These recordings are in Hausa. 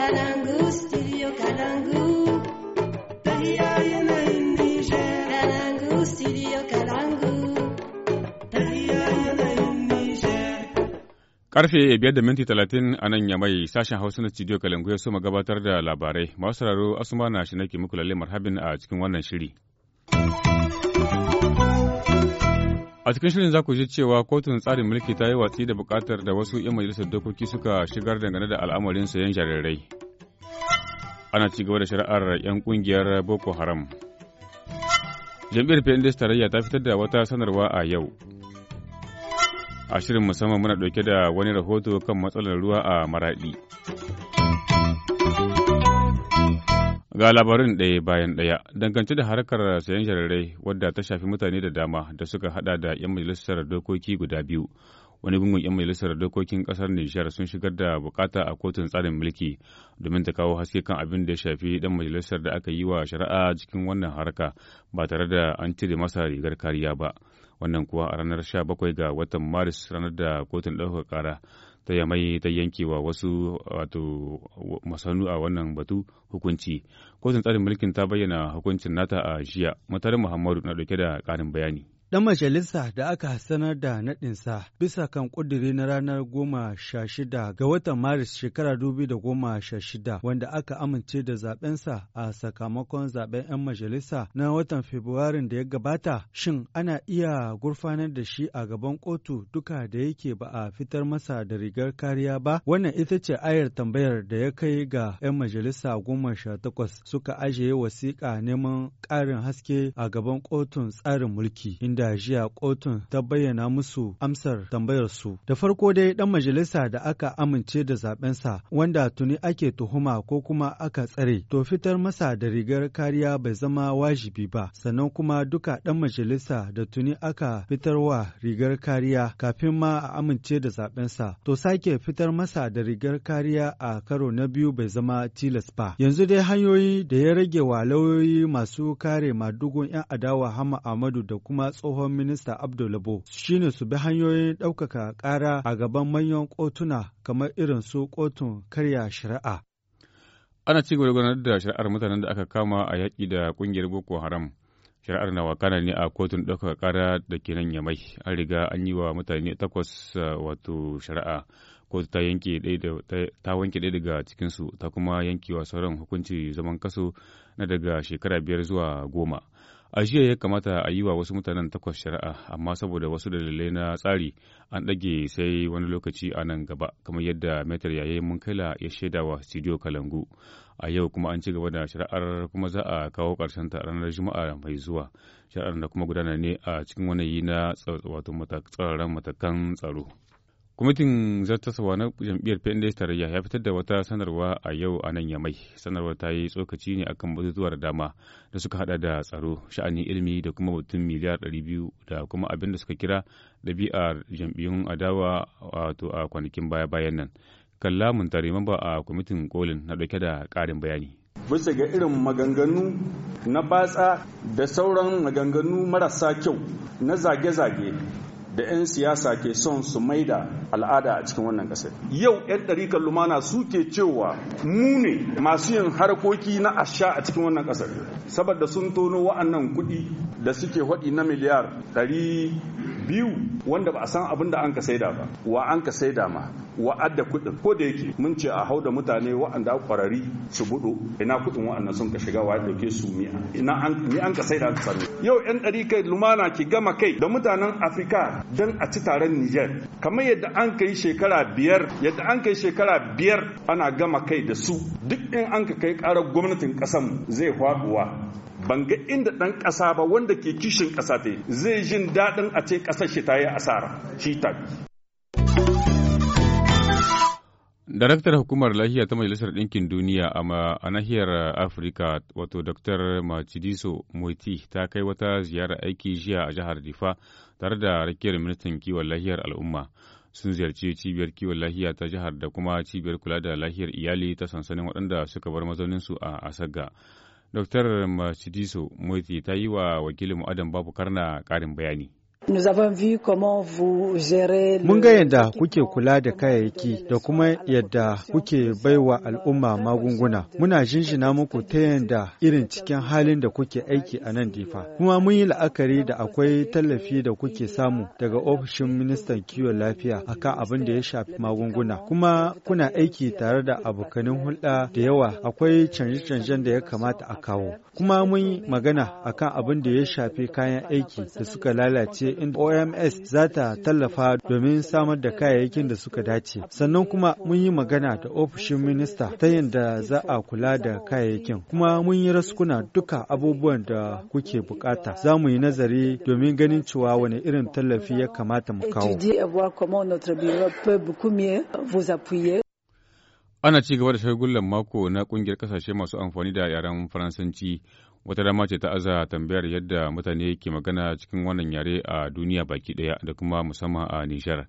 studio Karfe biyar da minti talatin a nan ya mai sashen Hausa na studio Kalangu ya so ma gabatar da labarai. Masu sauraro Asuma na shi nake muku lalle marhabin a cikin wannan shiri. A cikin shirin za ku ji cewa kotun tsarin mulki ta yi watsi da bukatar da wasu 'yan majalisar dokoki suka shigar dangane da al'amarin sayan jarirai. Ana ci gaba da shari'ar 'yan kungiyar Boko Haram. Jam'iyyar PNDS tarayya ta fitar da wata sanarwa a yau. A shirin musamman muna dauke da wani rahoto kan matsalar ruwa a Maraɗi. Ga labarin ɗaya bayan ɗaya, dangance da harkar sayan jarirai wadda ta shafi mutane da dama da suka hada da 'yan majalisar dokoki guda biyu. Wani gungun 'yan majalisar dokokin ƙasar Nijar sun shigar da bukata a kotun tsarin mulki domin ta kawo haske kan abin da ya shafi dan majalisar da aka yi wa shari'a cikin wannan harka ba tare da an cire masa rigar kariya ba. Wannan kuwa a ranar 17 ga watan Maris ranar da kotun ɗaukar kara. ta mai ta yankewa wasu wato masanu a wannan batu hukunci kotun tsarin mulkin ta bayyana hukuncin nata a jiya mutarin muhammadu na dauke da karin bayani Ɗan majalisa da aka sanar da naɗinsa bisa kan ƙudiri na ranar goma sha shida ga watan Maris shekara dubi da goma sha shida wanda aka amince da zaɓensa a sakamakon zaɓen 'yan majalisa na watan Fabrairun da ya gabata, shin ana iya gurfanar da shi a gaban kotu duka da yake ba a fitar masa da rigar kariya ba? Wannan ita ce ayar tambayar da ya kai ga 'yan majalisa goma sha takwas suka ajiye wasiƙa neman ƙarin haske a gaban kotun tsarin mulki. da a kotun ta bayyana musu amsar tambayar su. Da farko dai ɗan majalisa da aka amince da zaɓensa wanda tuni ake tuhuma ko kuma aka tsare to fitar masa da rigar kariya bai zama wajibi ba sannan kuma duka ɗan majalisa da tuni aka fitarwa rigar kariya kafin ma a amince da zaɓensa to sake fitar masa da rigar kariya a karo na biyu bai zama tilas ba. Yanzu dai hanyoyi da ya rage wa lauyoyi masu kare madugun 'yan adawa Hama Ahmadu da kuma tso tsohon minista Abdullabo shine su bi hanyoyin ɗaukaka ƙara a gaban manyan kotuna kamar irin su kotun karya shari'a. Ana ci gaba da da shari'ar mutanen da aka kama a yaƙi da ƙungiyar Boko Haram. Shari'ar na wakana ne a kotun ɗaukaka ƙara da ke nan Yamai. An riga an yi wa mutane takwas wato shari'a. kotu ta yanke wanke ɗaya daga cikinsu ta kuma yankewa sauran hukunci zaman kaso na daga shekara biyar zuwa goma A jiya ya kamata a yi wa wasu mutanen takwas shari'a, amma saboda wasu dalilai na tsari an ɗage sai wani lokaci a nan gaba, kamar yadda Metar Yaye Munkala ya shaida wa Studio Kalangu. A yau kuma an ci gaba da shari'ar kuma za a kawo ƙarshen ta ranar Juma'a mai zuwa. Shari'ar da kuma gudana ne a cikin wani yi na wato tsararren matakan tsaro. Kwamitin zartaswa na jam'iyyar PNDS tarayya ya fitar da wata sanarwa a yau a nan Yamai. Sanarwar ta yi tsokaci ne akan batutuwar dama da suka hada da tsaro, sha'anin ilimi da kuma batun miliyar ɗari biyu da kuma abin da suka kira ɗabi'ar jam'iyyun adawa wato a kwanakin baya-bayan nan. Kalla Muntari mamba a kwamitin kolin na dauke da karin bayani. bisa ga irin maganganu na batsa da sauran maganganu marasa kyau na zage-zage da 'yan siyasa ke son su maida al'ada a cikin wannan ƙasar yau 'yan ɗarikar lumana suke cewa mu ne masu yin harkoki na asha a cikin wannan ƙasar saboda sun tono wa'annan kuɗi da suke haɗi na miliyar biyu wanda ba a san abin da an ka saida ba wa an ka saida ma wa adda kudin ko da yake mun ce a hauda mutane waɗanda kwarari su budo ina kuɗin waɗannan sun ka shiga wa ya dauke su mi ina an ni an ka saida ka sani yau yan ɗari kai lumana ki gama kai da mutanen afrika don a ci taron niger kamar yadda an kai shekara biyar yadda an kai shekara biyar ana gama kai da su duk in an ka kai karar gwamnatin ƙasan zai faɗuwa ban ga inda ɗan ƙasa ba wanda ke kishin ƙasa ta zai jin daɗin a ce ƙasar shi ta yi asara shi ta Daraktar Hukumar Lahiya ta Majalisar Ɗinkin Duniya a nahiyar Afirka wato Dr. Machidiso Moti ta kai wata ziyara aiki jiya a jihar Difa tare da rakiyar ministan kiwon lahiyar al'umma. Sun ziyarci cibiyar kiwon lahiya ta jihar da kuma cibiyar kula da lahiyar iyali ta sansanin waɗanda suka bar mazauninsu a Asaga. Dr. Macidiso Motsi ta yi wa wakilin Adam Babu Karna ƙarin bayani. Mun ga yadda kuke kula da kayayyaki da kuma yadda kuke baiwa al'umma magunguna. Muna jinjina muku ta yadda irin cikin halin da kuke aiki a nan difa. Kuma mun yi la'akari da akwai tallafi da kuke samu daga ofishin ministan kiwon lafiya akan abin da ya shafi magunguna. Kuma kuna aiki tare da abokanin hulɗa da yawa akwai canje-canjen da ya kamata a kawo. Kuma mun yi magana akan abin da ya shafi kayan aiki da suka lalace ce OMS za ta tallafa domin samar da kayayyakin da suka dace. Sannan kuma mun yi magana da ofishin minista ta yadda za a kula da kayayyakin. Kuma mun yi raskuna duka abubuwan da kuke bukata. Za mu yi nazari domin ganin cewa wani irin tallafi ya kamata mu kawo. Ana ci gaba da shagullan mako na kungiyar kasashe masu amfani da yaren Faransanci wata dama ce ta aza tambayar yadda mutane ke magana cikin wannan yare a duniya baki daya da kuma musamman a Nijar.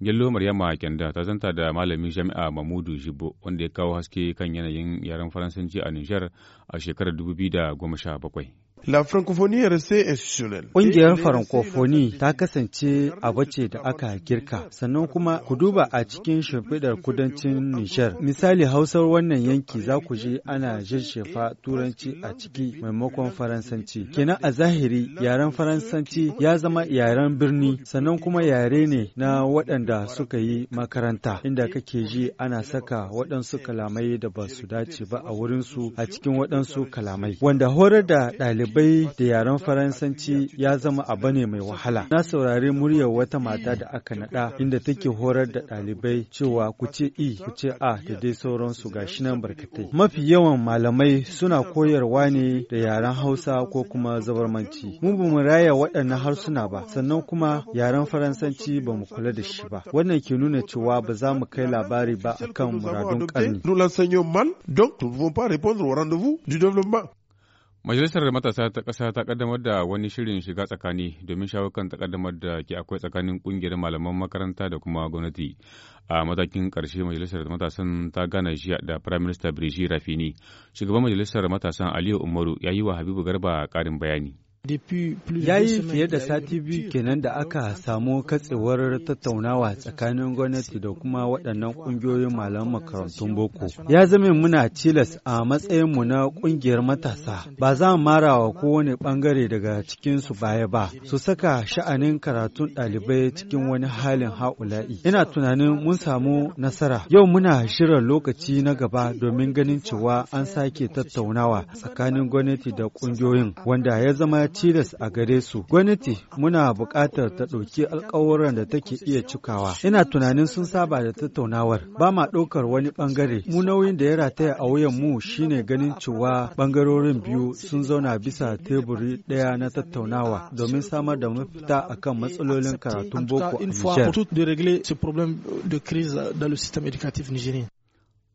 Gello Maryama Kenda ta zanta da malamin jami'a Mamudu Jibo wanda ya kawo haske kan yanayin yaren Faransanci a Nijar a shekarar 2017. La francophonie institutionnelle. Ƙungiyar farankofoni ta kasance abu ce da aka girka, sannan kuma ku duba a cikin shimfiɗar kudancin Nijar. Misali Hausar wannan yanki za ku ji ana jirshefa Turanci a ciki maimakon Faransanci. Kenan a zahiri yaren Faransanci ya zama yaren birni, sannan kuma yare ne na waɗanda suka yi makaranta, inda kake ji ana saka waɗansu kalamai da ba su dace ba a wurinsu a cikin waɗansu kalamai, wanda horar da ɗalibai ɗalibai da yaren Faransanci ya zama a bane mai wahala. Na saurari muryar wata mata da aka naɗa inda take horar da ɗalibai cewa ku ce i ku ce a da dai sauransu ga shi nan barkatai. Mafi yawan malamai suna koyarwa ne da yaren Hausa ko kuma zabarmanci. Mu ba raya waɗannan harsuna ba sannan kuma yaren Faransanci ba mu kula da shi ba. Wannan ke nuna cewa ba za mu kai labari ba akan muradun ƙarni. Nous l'enseignons mal, donc nous ne pouvons pas répondre au rendez-vous du développement. Majalisar Matasa ta ƙasa ta ƙaddamar da wani shirin shiga tsakani domin shawo kan ƙaddamar da ke akwai tsakanin ƙungiyar malaman makaranta da kuma gwamnati. A matakin ƙarshe Majalisar Matasan ta gana jiya da Prime Minister Brigitte Rafini. Shugaban Majalisar Matasan Aliyu Umaru ya yi wa Habibu Garba ƙarin bayani. Ya yi fiye da sati biyu kenan da aka samu katsewar tattaunawa tsakanin gwamnati da kuma waɗannan ƙungiyoyin malaman makarantun boko. Ya zame muna tilas a matsayinmu na ƙungiyar matasa, ba za mu mara wa kowane ɓangare daga cikinsu baya ba, su saka sha'anin karatun ɗalibai cikin wani halin ha'ula'i. Ina tunanin mun samu nasara. Yau muna shirin lokaci na gaba domin ganin cewa an sake tattaunawa tsakanin gwamnati da ƙungiyoyin, wanda ya zama cilas a gare su. Gwamnati muna buƙatar ta ɗauki alƙawuran da take iya cikawa. Ina tunanin sun saba da tattaunawar. Ba ma ɗaukar wani ɓangare. Mu nauyin da ya rataya a wuyan mu shine ganin cewa ɓangarorin biyu sun zauna bisa teburi ɗaya na tattaunawa domin samar da mafita akan matsalolin karatun boko a Niger.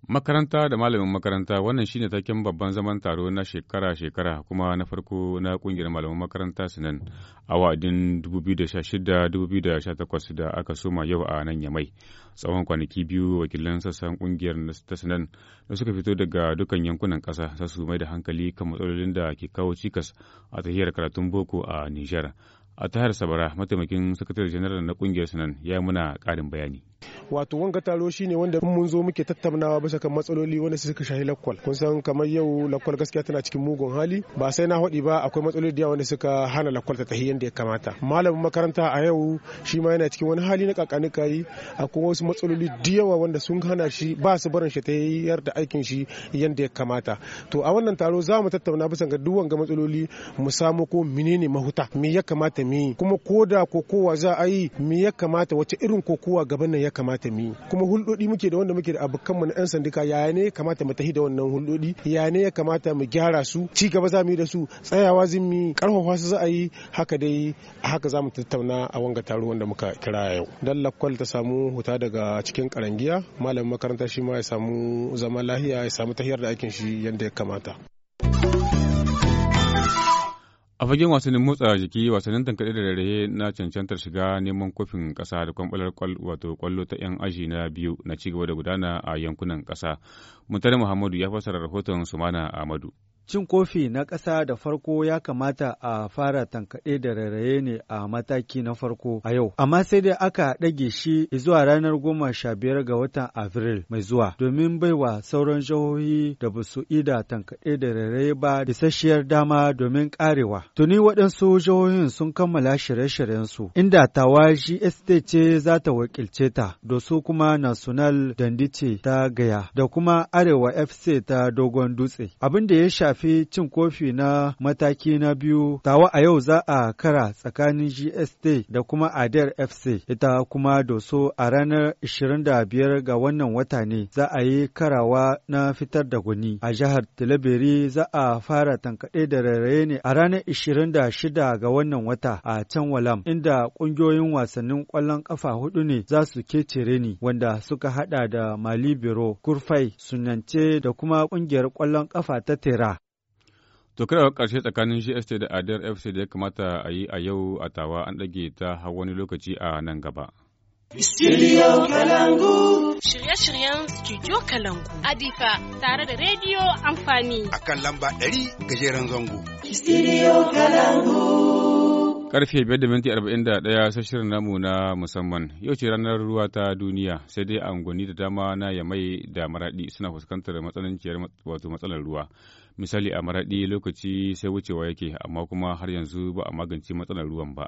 Makaranta da malamin makaranta wannan shine taken babban zaman taro na shekara-shekara kuma na farko na kungiyar malaman makaranta sinan a wa'adin 2016-2018 da aka soma yau a nan yamai. Tsawon kwanaki biyu wakilan sassan kungiyar ta sinan da suka fito daga dukkan yankunan ƙasa su mai da hankali kan matsalolin da ke kawo cikas a tahiyar karatun boko a Nijar. a tahar sabara mataimakin sakatare janar na kungiyar sanan ya muna karin bayani wato wanga taro shine wanda mun zo muke tattaunawa bisa kan matsaloli wanda suka shahi lakwal kun san kamar yau lakwal gaskiya tana cikin mugun hali ba sai na hodi ba akwai matsaloli da wanda suka hana lakwal ta tahi yanda ya kamata malamin makaranta a yau shi ma yana cikin wani hali na kakani kai akwai wasu matsaloli da yawa wanda sun hana shi ba su barin shi ta da aikin shi yanda ya kamata to a wannan taro za mu tattauna bisa ga duk wanga matsaloli mu samu ko menene mahuta me ya kamata mi kuma ko da kokowa za a yi me ya kamata wace irin kokowa gaban nan ya kamata mi kuma hulɗoɗi muke da wanda muke da abokan mu na yan sandika yaya ne ya kamata mu tafi da wannan hulɗoɗi yaya ne ya kamata mu gyara su ci gaba za mu yi da su tsayawa zin mi karfafa su za a yi haka dai haka za mu tattauna a wanga taro wanda muka kira yau dan lakwal ta samu huta daga cikin karangiya malamin makaranta shi ma ya samu zaman lahiya ya samu tahiyar da aikin shi yadda ya kamata A fagen wasannin motsa jiki wasannin tankaɗe da rarrahe na cancantar shiga neman kofin ƙasa da kwamɓalar wato kwallo ta 'yan aji na biyu na cigaba da gudana a yankunan ƙasa. Muntari Muhammadu ya fassara rahoton Sumana Ahmadu. Cin kofi na ƙasa da farko ya kamata a fara tankaɗe da rairaye ne a mataki na farko a yau, amma sai dai aka ɗage shi zuwa ranar goma sha biyar ga watan Afril mai zuwa domin baiwa sauran jihohi da ba su ida tankaɗe da rairaye ba da isasshiyar dama domin ƙarewa. Tuni waɗansu jihohin sun kammala shirye-shiryensu, inda tawa GST ce za ta wakilce ta, da su kuma National Dandice ta Gaya, da kuma Arewa FC ta Dogon Dutse. Abin da ya shafi tafi cin kofi na mataki na biyu, tawa a yau za a kara tsakanin GST da kuma Adair FC, ita kuma doso a ranar 25 ga wannan wata ne za a yi karawa na fitar da guni A jihar Tilaberi za a fara tankaɗe da rairaye ne a ranar 26 ga wannan wata a can Walam, inda ƙungiyoyin wasannin ƙwallon ƙafa hudu ne za su kecere ni, wanda suka haɗa da Mali Biro, Kurfai, Sunance da kuma ƙungiyar ƙwallon ƙafa ta Tera. To a ƙarshe tsakanin GST da adar FC da ya kamata a yi a yau a tawa an ɗage ta har wani lokaci a nan gaba. Studio Kalangu. Shirye-shiryen Studio Kalangu. Adifa tare da rediyo amfani. A kan lamba 100 gajeren zango. Studio Kalangu. Karfe 5.41 sai namu na musamman yau ce ranar ruwa ta duniya sai dai angoni da dama na mai da maradi suna fuskantar matsananciyar wato matsalar ruwa. Misali a maradi lokaci sai wucewa yake amma kuma har yanzu ba a magance matsalar ruwan ba.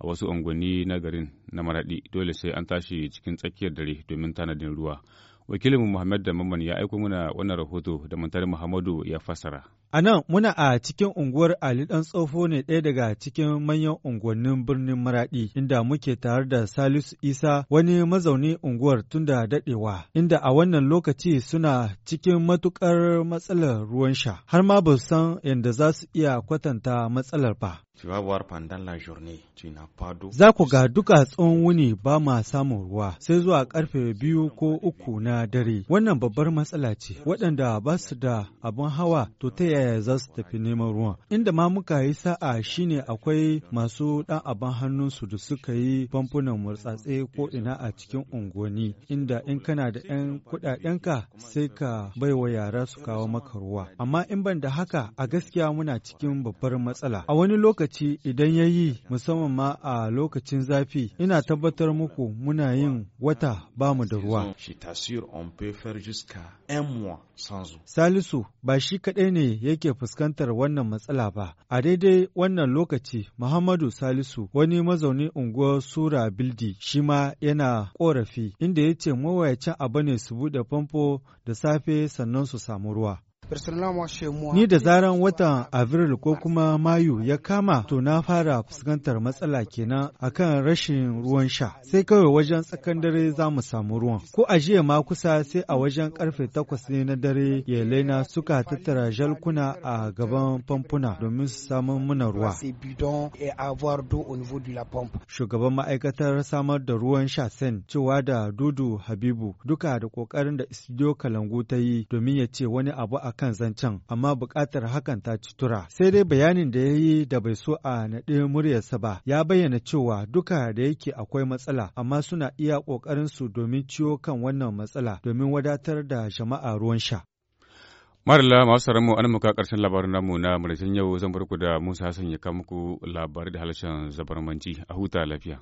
A wasu angoni na garin na maradi dole sai an tashi cikin tsakiyar dare domin tanadin ruwa. wakilin Muhammad da Mamman ya aiko mana wannan rahoto da muntar Muhammadu ya fassara. A nan muna a cikin unguwar Ali ɗan tsofo ne ɗaya daga cikin manyan unguwannin birnin Maraɗi, inda muke tare da Salisu Isa wani mazauni unguwar tun da daɗewa, inda a wannan lokaci suna cikin matuƙar matsalar ruwan sha, har ma ba san yadda za su iya kwatanta matsalar ba. Za ku ga duka tsawon wuni ba ma samun ruwa sai zuwa karfe biyu ko uku na dare. Wannan babbar matsala ce, waɗanda ba su da abin hawa to ta yaya za su tafi neman ruwan. Inda ma muka yi sa'a shine akwai masu ɗan abin hannunsu da suka yi famfunan murtsatse ko ina a cikin unguwanni inda in kana da 'yan ka sai ka bai wa yara su kawo maka ruwa. Amma in ban da haka a gaskiya muna cikin babbar matsala. A wani lokaci idan ya yi musamman ma a lokacin zafi ina tabbatar muku muna yin wata ba mu da ruwa. Salisu ba shi kaɗai ne yake fuskantar wannan matsala ba. A daidai wannan lokaci, Muhammadu Salisu, wani mazaunin unguwar Sura Bildi, shi ma yana ƙorafi, inda ya ce mawayacin abu ne su buɗe famfo da safe sannan su samu ruwa. Ni da zaran watan abril ko kuma Mayu ya kama to na fara fuskantar matsala kenan akan rashin ruwan sha. Sai kawai wajen tsakan dare za mu samu ruwan. Ko a jiya ma kusa sai a wajen karfe takwas ne na dare ya Yelena suka tattara jalkuna a gaban famfuna domin su samu muna ruwa. Shugaban ma'aikatar samar da ruwan sha sen cewa da Dudu Habibu duka da kokarin da Isidio Kalangu ta yi domin ya ce wani abu a kan zancen, amma buƙatar hakan ta ci tura. Sai dai bayanin da ya yi da bai so a naɗe muryarsa ba, ya bayyana cewa duka da yake akwai matsala, amma suna iya su domin ciwo kan wannan matsala, domin wadatar da jama'a ruwan sha. Marla masu sauran mu an muka karshen labarin namu na madashin yau zan barku da Musa Hassan ya kama muku labarai da halashen zabarmanci a huta lafiya.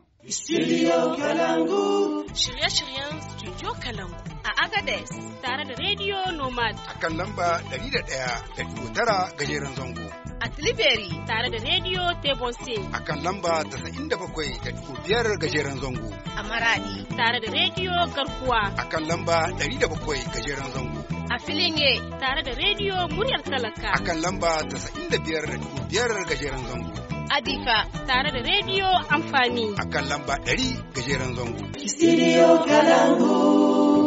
shirye-shiryen Studio Kalangu a agades tare da Radio Nomad. A kan lamba 101.9 gajeren zango. A Tilibiri tare da Radio tebonse. A kan lamba 97.5 gajeren zango. A Maradi tare da Radio Garkuwa. A kan lamba 107 gajeren zango. A Filinge tare da Radio Muryar Talaka. A kan lamba 95.5 gajeren zango. adifa tare da rediyo amfani. A kan lamba 100 gajeren zango. Studio Kalangu.